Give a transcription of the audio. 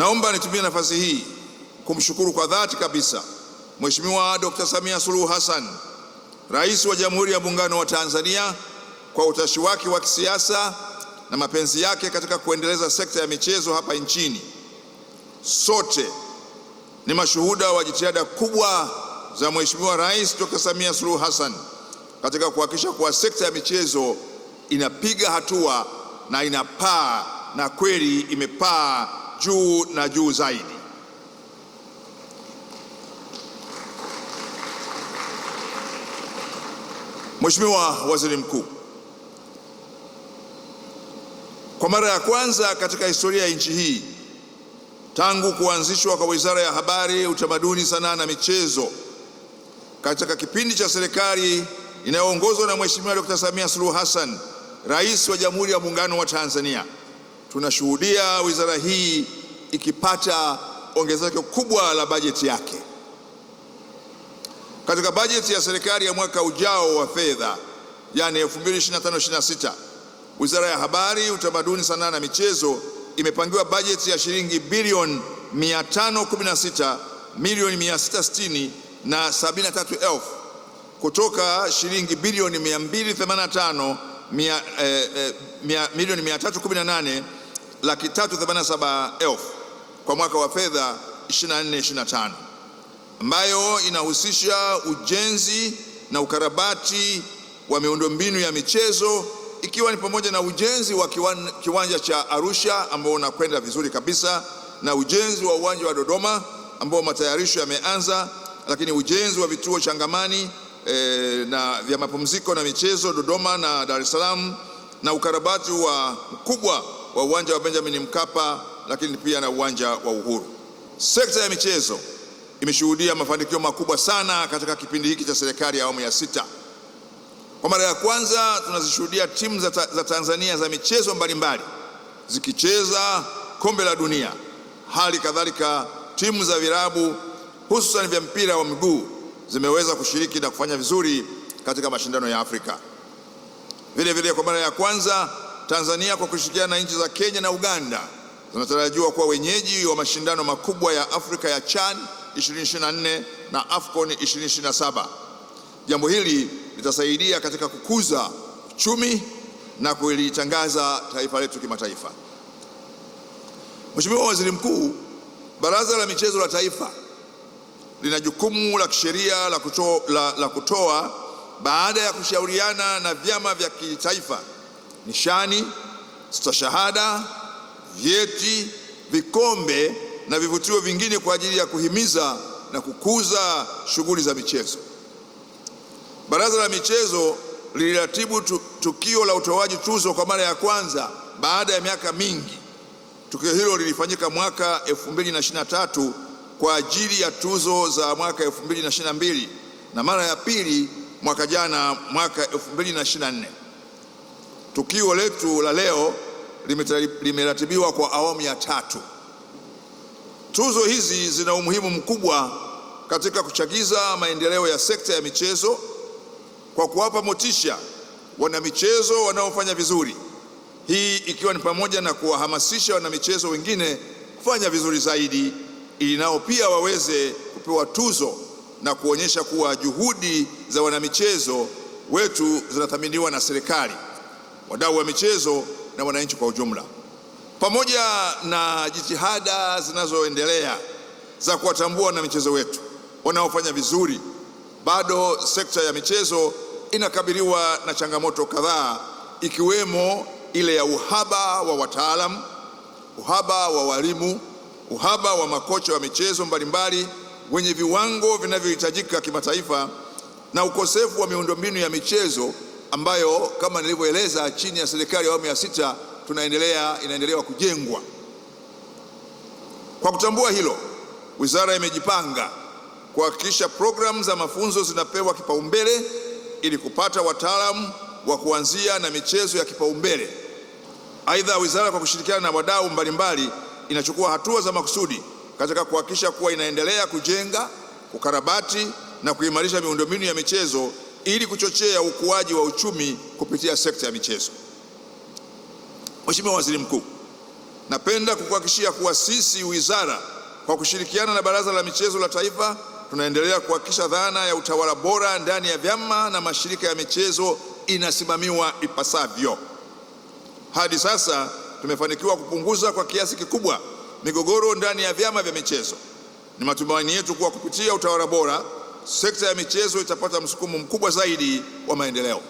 Naomba nitumie nafasi hii kumshukuru kwa dhati kabisa Mheshimiwa Dr. Samia Suluhu Hassan, Rais wa Jamhuri ya Muungano wa Tanzania kwa utashi wake wa kisiasa na mapenzi yake katika kuendeleza sekta ya michezo hapa nchini. Sote ni mashuhuda wa jitihada kubwa za Mheshimiwa Rais Dr. Samia Suluhu Hassan katika kuhakikisha kuwa sekta ya michezo inapiga hatua na inapaa na kweli imepaa juu na juu zaidi. Mheshimiwa Waziri Mkuu, kwa mara ya kwanza katika historia ya nchi hii tangu kuanzishwa kwa Wizara ya Habari, Utamaduni, Sanaa na Michezo katika kipindi cha serikali inayoongozwa na Mheshimiwa Dkt. Samia Suluhu Hassan, Rais wa Jamhuri ya Muungano wa Tanzania tunashuhudia wizara hii ikipata ongezeko kubwa la bajeti yake. Katika bajeti ya serikali ya mwaka ujao wa fedha, yani 2025/26 wizara ya Habari, Utamaduni, Sanaa na Michezo imepangiwa bajeti ya shilingi bilioni 516 milioni 660 na 73 elfu kutoka shilingi bilioni 285 eh, eh, milioni 318 laki tatu themanini na saba elfu kwa mwaka wa fedha 24 25 ambayo inahusisha ujenzi na ukarabati wa miundombinu ya michezo ikiwa ni pamoja na ujenzi wa kiwan, kiwanja cha Arusha ambao unakwenda vizuri kabisa na ujenzi wa uwanja wa Dodoma ambao matayarisho yameanza, lakini ujenzi wa vituo changamani e, eh, na vya mapumziko na michezo Dodoma na Dar es Salaam na ukarabati wa mkubwa wa uwanja wa Benjamin Mkapa, lakini pia na uwanja wa Uhuru. Sekta ya michezo imeshuhudia mafanikio makubwa sana katika kipindi hiki cha serikali ya awamu ya sita. Kwa mara ya kwanza tunazishuhudia timu za, ta, za Tanzania za michezo mbalimbali zikicheza kombe la dunia, hali kadhalika timu za virabu hususan vya mpira wa miguu zimeweza kushiriki na kufanya vizuri katika mashindano ya Afrika. Vile vile kwa mara ya kwanza Tanzania kwa kushirikiana na nchi za Kenya na Uganda zinatarajiwa kuwa wenyeji wa mashindano makubwa ya Afrika ya CHAN 2024 na AFCON 2027. Jambo hili litasaidia katika kukuza uchumi na kulitangaza taifa letu kimataifa. Mheshimiwa Waziri Mkuu, Baraza la Michezo la Taifa lina jukumu la kisheria la kutoa, la, la kutoa baada ya kushauriana na vyama vya kitaifa nishani, stashahada, vyeti, vikombe na vivutio vingine kwa ajili ya kuhimiza na kukuza shughuli za michezo. Baraza la Michezo liliratibu tukio la utoaji tuzo kwa mara ya kwanza baada ya miaka mingi. Tukio hilo lilifanyika mwaka 2023 kwa ajili ya tuzo za mwaka 2022 na mara ya pili mwaka jana, mwaka 2024. Tukio letu la leo limeratibiwa kwa awamu ya tatu. Tuzo hizi zina umuhimu mkubwa katika kuchagiza maendeleo ya sekta ya michezo kwa kuwapa motisha wanamichezo wanaofanya vizuri, hii ikiwa ni pamoja na kuwahamasisha wanamichezo wengine kufanya vizuri zaidi ili nao pia waweze kupewa tuzo na kuonyesha kuwa juhudi za wanamichezo wetu zinathaminiwa na serikali wadau wa michezo na wananchi kwa ujumla. Pamoja na jitihada zinazoendelea za kuwatambua wanamichezo wetu wanaofanya vizuri, bado sekta ya michezo inakabiliwa na changamoto kadhaa, ikiwemo ile ya uhaba wa wataalamu, uhaba wa walimu, uhaba wa makocha wa michezo mbalimbali wenye viwango vinavyohitajika kimataifa na ukosefu wa miundombinu ya michezo ambayo kama nilivyoeleza chini ya serikali ya awamu ya sita tunaendelea inaendelea kujengwa. Kwa kutambua hilo, wizara imejipanga kuhakikisha programu za mafunzo zinapewa kipaumbele ili kupata wataalamu wa kuanzia na michezo ya kipaumbele. Aidha, wizara kwa kushirikiana na wadau mbalimbali inachukua hatua za makusudi katika kuhakikisha kuwa inaendelea kujenga, kukarabati na kuimarisha miundombinu ya michezo ili kuchochea ukuaji wa uchumi kupitia sekta ya michezo. Mheshimiwa Waziri Mkuu, napenda kukuhakikishia kuwa sisi wizara kwa kushirikiana na Baraza la Michezo la Taifa tunaendelea kuhakikisha dhana ya utawala bora ndani ya vyama na mashirika ya michezo inasimamiwa ipasavyo. Hadi sasa tumefanikiwa kupunguza kwa kiasi kikubwa migogoro ndani ya vyama vya michezo. Ni matumaini yetu kuwa kupitia utawala bora sekta ya michezo itapata msukumo mkubwa zaidi wa maendeleo.